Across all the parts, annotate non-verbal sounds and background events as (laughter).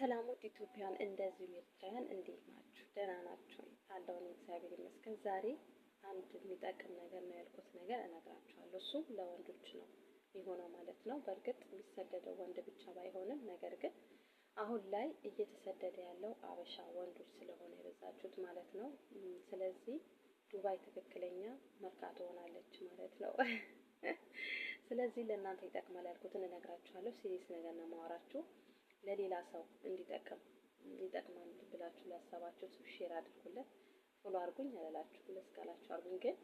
ሰላም ውድ ኢትዮጵያን እንደዚሁ ኤርትራውያን እንዴት ናችሁ? ደህና ናችሁ? አለውን እግዚአብሔር ይመስገን። ዛሬ አንድ የሚጠቅም ነገር ነው ያልኩት ነገር እነግራችኋለሁ። እሱ ለወንዶች ነው የሆነው ማለት ነው። በእርግጥ የሚሰደደው ወንድ ብቻ ባይሆንም ነገር ግን አሁን ላይ እየተሰደደ ያለው አበሻ ወንዶች ስለሆነ የበዛችሁት ማለት ነው። ስለዚህ ዱባይ ትክክለኛ መርካቶ ሆናለች ማለት ነው። (laughs) ስለዚህ ለእናንተ ይጠቅማል ያልኩትን እነግራችኋለሁ። ሲሪየስ ነገር ነው የማወራችሁ ለሌላ ሰው እንዲጠቅም ይጠቅማል ብላችሁ ላሰባችሁት ሼር አድርጉለት። ፎሎ አድርጉኝ አላላችሁ ሁለት ቃላችሁ አድርጉኝ። ግን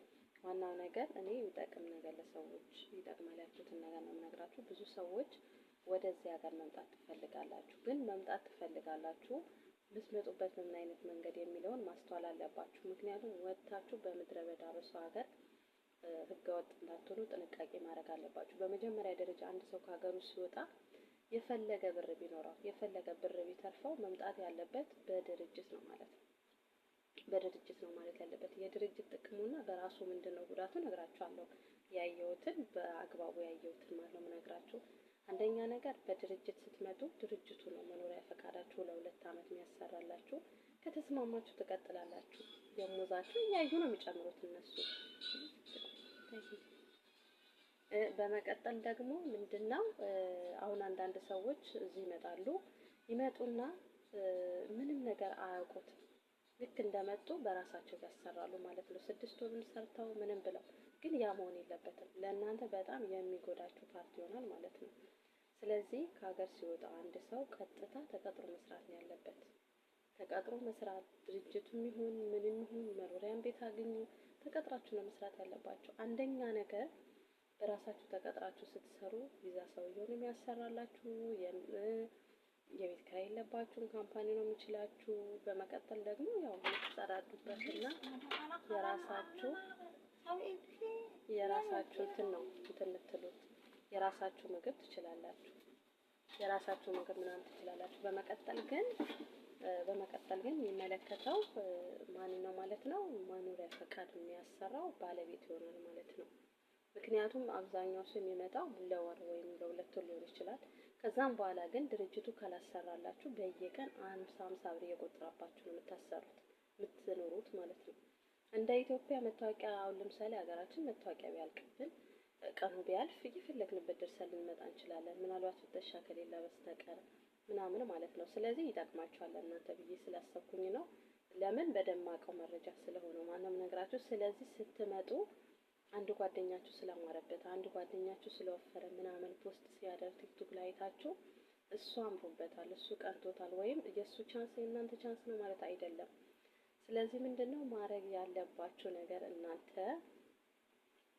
ዋናው ነገር እኔ ይጠቅም ነገር ለሰዎች ይጠቅማል ያልኩትን ነገር ነው የምነግራችሁ። ብዙ ሰዎች ወደዚህ ሀገር መምጣት ትፈልጋላችሁ፣ ግን መምጣት ትፈልጋላችሁ ልትመጡበት በምን አይነት መንገድ የሚለውን ማስተዋል አለባችሁ። ምክንያቱም ወጥታችሁ በምድረ በዳ በሰው ሀገር ህገወጥ እንዳትሆኑ ጥንቃቄ ማድረግ አለባችሁ። በመጀመሪያ ደረጃ አንድ ሰው ከሀገሩ ሲወጣ የፈለገ ብር ቢኖረው የፈለገ ብር ቢተርፈው መምጣት ያለበት በድርጅት ነው ማለት ነው። በድርጅት ነው ማለት ያለበት። የድርጅት ጥቅሙና በራሱ ምንድን ነው ጉዳቱ ነግራችኋለሁ። ያየሁትን በአግባቡ ያየሁትን ማለት ነው የምነግራችሁ። አንደኛ ነገር በድርጅት ስትመጡ ድርጅቱ ነው መኖሪያ ፈቃዳችሁ ለሁለት ዓመት የሚያሰራላችሁ። ከተስማማችሁ ትቀጥላላችሁ። ደሞዛችሁ እያዩ ነው የሚጨምሩት እነሱ። በመቀጠል ደግሞ ምንድን ነው አሁን አንዳንድ ሰዎች እዚህ ይመጣሉ። ይመጡና ምንም ነገር አያውቁት ልክ እንደመጡ በራሳቸው ያሰራሉ ማለት ነው። ስድስት ወሩን ሰርተው ምንም ብለው ግን ያ መሆን የለበትም። ለእናንተ በጣም የሚጎዳችሁ ፓርት ይሆናል ማለት ነው። ስለዚህ ከሀገር ሲወጣ አንድ ሰው ቀጥታ ተቀጥሮ መስራት ነው ያለበት። ተቀጥሮ መስራት ድርጅቱም ይሁን ምንም ይሁን መኖሪያም ቤት አግኙ፣ ተቀጥራችሁ ነው መስራት ያለባቸው። አንደኛ ነገር በራሳችሁ ተቀጥራችሁ ስትሰሩ ቪዛ ሰውየውን የሚያሰራላችሁ የቤት ኪራይ የለባችሁም። ካምፓኒ ነው የሚችላችሁ። በመቀጠል ደግሞ ያው የምትጸዳዱበትና የራሳችሁ የራሳችሁ እንትን ነው እንትን የምትሉት የራሳችሁ ምግብ ትችላላችሁ። የራሳችሁ ምግብ ምናምን ትችላላችሁ። በመቀጠል ግን በመቀጠል ግን የሚመለከተው ማን ነው ማለት ነው? መኖሪያ ፈቃድ የሚያሰራው ባለቤት ይሆናል ማለት ነው። ምክንያቱም አብዛኛው ሰው የሚመጣው ለወር ወይም ለሁለት ወር ሊሆን ይችላል። ከዛም በኋላ ግን ድርጅቱ ካላሰራላችሁ በየቀን አምሳ አምሳ ብር እየቆጠረባችሁ ነው የምታሰሩት የምትኖሩት ማለት ነው። እንደ ኢትዮጵያ መታወቂያ አሁን ለምሳሌ ሀገራችን መታወቂያ ቢያልቅብን ቀኑ ቢያልፍ እየፈለግንበት ደርሰን ልንመጣ እንችላለን። ምናልባት ፍተሻ ከሌለ በስተቀር ምናምን ማለት ነው። ስለዚህ ይጠቅማችኋል እናንተ ብዬ ስላሰብኩኝ ነው። ለምን በደማቀው መረጃ ስለሆነ ማንም ነግራችሁ። ስለዚህ ስትመጡ አንድ ጓደኛችሁ ስላማረበት አንድ ጓደኛችሁ ስለወፈረ ምናምን ፖስት ሲያደርግ ቲክቶክ ላይ አይታችሁ እሱ አምሮበታል፣ እሱ ቀርቶታል፣ ወይም የእሱ ቻንስ የእናንተ ቻንስ ነው ማለት አይደለም። ስለዚህ ምንድን ነው ማድረግ ያለባችሁ ነገር እናንተ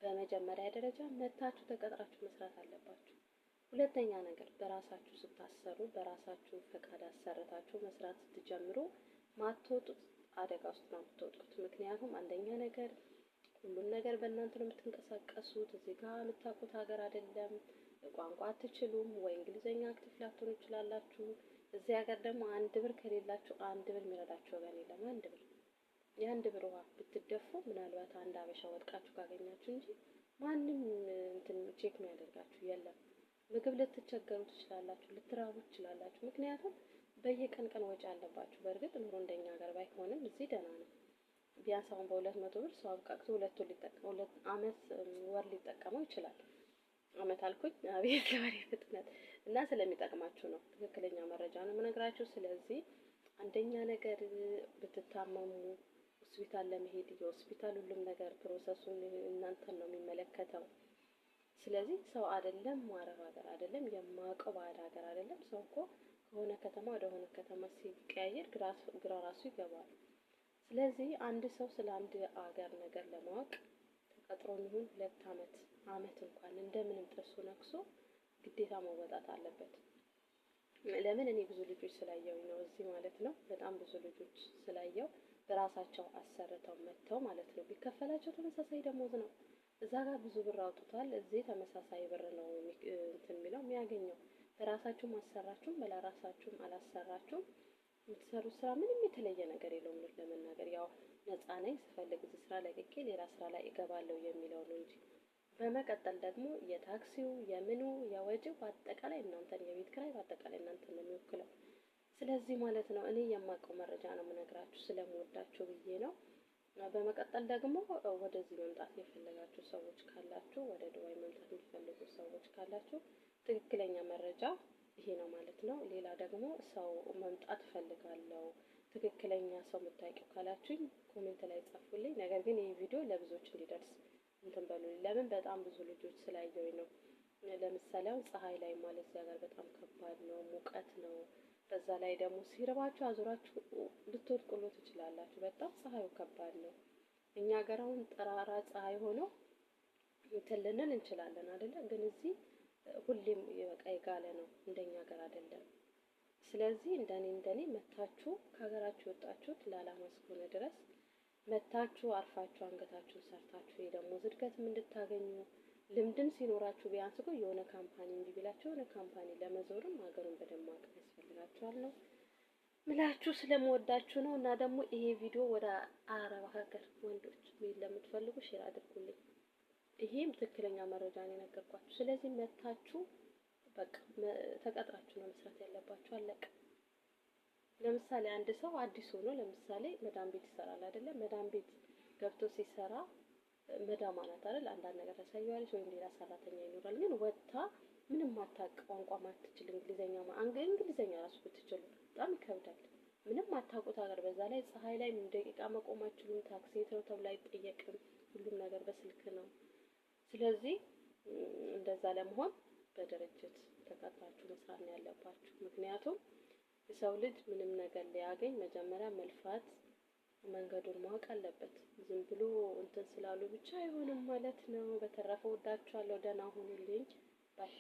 በመጀመሪያ ደረጃ መታችሁ ተቀጥራችሁ መስራት አለባችሁ። ሁለተኛ ነገር በራሳችሁ ስታሰሩ በራሳችሁ ፈቃድ አሰርታችሁ መስራት ስትጀምሩ ማትወጡት አደጋ ውስጥ ነው የምትወጡት። ምክንያቱም አንደኛ ነገር ሁሉም ነገር በእናንተ ነው የምትንቀሳቀሱት። እዚህ ጋር የምታውቁት ሀገር አይደለም፣ ቋንቋ አትችሉም፣ ወይ እንግሊዘኛ አክቲቭ ላትሆኑ ይችላላችሁ። እዚህ ሀገር ደግሞ አንድ ብር ከሌላችሁ አንድ ብር የሚረዳችሁ ወገን የለም። አንድ ብር የአንድ ብር ውሃ ብትደፉ ምናልባት አንድ አበሻ ወድቃችሁ ካገኛችሁ እንጂ ማንም እንትን ቼክ የሚያደርጋችሁ የለም። ምግብ ልትቸገሩ ትችላላችሁ፣ ልትራቡ ትችላላችሁ። ምክንያቱም በየቀን ቀን ወጪ አለባችሁ። በእርግጥ ኑሮ እንደኛ ሀገር ባይሆንም እዚህ ደህና ነው። ቢያንስ አሁን በሁለት መቶ ብር ሰው አብቃቅቶ ሁለት ሁለት አመት ወር ሊጠቀመው ይችላል። አመት አልኩኝ አቤት (laughs) ለወሬ ፍጥነት። እና ስለሚጠቅማችሁ ነው፣ ትክክለኛ መረጃ ነው የምነግራችሁ። ስለዚህ አንደኛ ነገር ብትታመሙ ሆስፒታል ለመሄድ የሆስፒታል ሁሉም ነገር ፕሮሰሱን እናንተን ነው የሚመለከተው። ስለዚህ ሰው አይደለም አረብ ሀገር አይደለም የማውቀው ባዕድ ሀገር አይደለም ሰው እኮ ከሆነ ከተማ ወደ ሆነ ከተማ ሲቀያየር ግራ ራሱ ይገባል። ስለዚህ አንድ ሰው ስለ አንድ አገር ነገር ለማወቅ ተቀጥሮ ይሁን ሁለት ዓመት ዓመት እንኳን እንደምንም ጥርሱ ነክሶ ግዴታ መወጣት አለበት። ለምን እኔ ብዙ ልጆች ስላየው ነው እዚህ ማለት ነው። በጣም ብዙ ልጆች ስላየው በራሳቸው አሰርተው መጥተው ማለት ነው። ቢከፈላቸው ተመሳሳይ ደሞዝ ነው። እዛ ጋር ብዙ ብር አውጥቷል፣ እዚህ ተመሳሳይ ብር ነው እንትን የሚለው የሚያገኘው። በራሳችሁም አሰራችሁም በላራሳችሁም አላሰራችሁም የምትሰሩት ስራ ምንም የተለየ ነገር የለውም። እውነት ለመናገር ያው ነፃ ነኝ ስፈልግ እዚህ ስራ ለቅቄ ሌላ ስራ ላይ እገባለሁ የሚለው ነው እንጂ በመቀጠል ደግሞ የታክሲው የምኑ የወጪው በአጠቃላይ እናንተን የቤት ክራይ በአጠቃላይ እናንተን ነው የሚወክለው። ስለዚህ ማለት ነው እኔ የማውቀው መረጃ ነው የምነግራችሁ ስለምወዳችሁ ብዬ ነው። በመቀጠል ደግሞ ወደዚህ መምጣት የፈለጋችሁ ሰዎች ካላችሁ፣ ወደ ዱባይ መምጣት የምትፈልጉ ሰዎች ካላችሁ ትክክለኛ መረጃ ይሄ ነው ማለት ነው። ሌላ ደግሞ ሰው መምጣት እፈልጋለሁ ትክክለኛ ሰው የምታውቂው ካላችሁኝ ኮሜንት ላይ ጻፉልኝ። ነገር ግን ይህ ቪዲዮ ለብዙዎች እንዲደርስ እንትን በሉልኝ። ለምን በጣም ብዙ ልጆች ስላየሁኝ ነው። ለምሳሌ አሁን ፀሐይ ላይ ማለት እዚያ ጋር በጣም ከባድ ነው፣ ሙቀት ነው። በዛ ላይ ደግሞ ሲርባችሁ አዙራችሁ ልትወድቁሉ ትችላላችሁ። በጣም ፀሐዩ ከባድ ነው። እኛ ሀገር አሁን ጠራራ ፀሐይ ሆኖ እንትን ልንል እንችላለን አይደለ? ግን እዚህ ሁሌም በቃ የጋለ ነው፣ እንደኛ ሀገር አይደለም። ስለዚህ እንደኔ እንደኔ መታችሁ ከሀገራችሁ የወጣችሁት ለዓላማ እስከሆነ ድረስ መታችሁ አርፋችሁ አንገታችሁን ሰርታችሁ ደግሞ እድገትም እንድታገኙ ልምድም ሲኖራችሁ ቢያንስ እኮ የሆነ ካምፓኒ እንዲ ብላችሁ የሆነ ካምፓኒ ለመዞርም ሀገሩን በደንብ ማወቅ ያስፈልጋችኋል ነው ምላችሁ ስለምወዳችሁ ነው። እና ደግሞ ይሄ ቪዲዮ ወደ አረብ ሀገር ወንዶች መሄድ ለምትፈልጉ ሼር አድርጉልኝ። ይሄም ትክክለኛ መረጃ ነው የነገርኳችሁ። ስለዚህ መታችሁ በቃ ተቀጥራችሁ ነው መስራት ያለባችሁ። አለቀ። ለምሳሌ አንድ ሰው አዲስ ሆኖ ለምሳሌ መዳም ቤት ይሰራል አይደለም? መዳም ቤት ገብቶ ሲሰራ መዳም አላት አይደል? አንዳንድ ነገር ታሳየዋለች፣ ወይም ሌላ ሰራተኛ ይኖራል። ግን ወጥታ ምንም አታውቅ፣ ቋንቋ ማትችል፣ እንግሊዘኛ እንግሊዘኛ ራሱ ብትችሉ በጣም ይከብዳል። ምንም አታውቁት ሀገር፣ በዛ ላይ ፀሐይ ላይ ምን ደቂቃ መቆም አትችሉም። ታክሲ ተብላ አይጠየቅም። ሁሉም ነገር በስልክ ነው። ስለዚህ እንደዛ ለመሆን በድርጅት ተቀጥራችሁ መስራት ነው ያለባችሁ። ምክንያቱም የሰው ልጅ ምንም ነገር ሊያገኝ መጀመሪያ መልፋት መንገዱን ማወቅ አለበት። ዝም ብሎ እንትን ስላሉ ብቻ አይሆንም ማለት ነው። በተረፈ ወዳችኋለሁ። ደህና ሁኑልኝ ባይ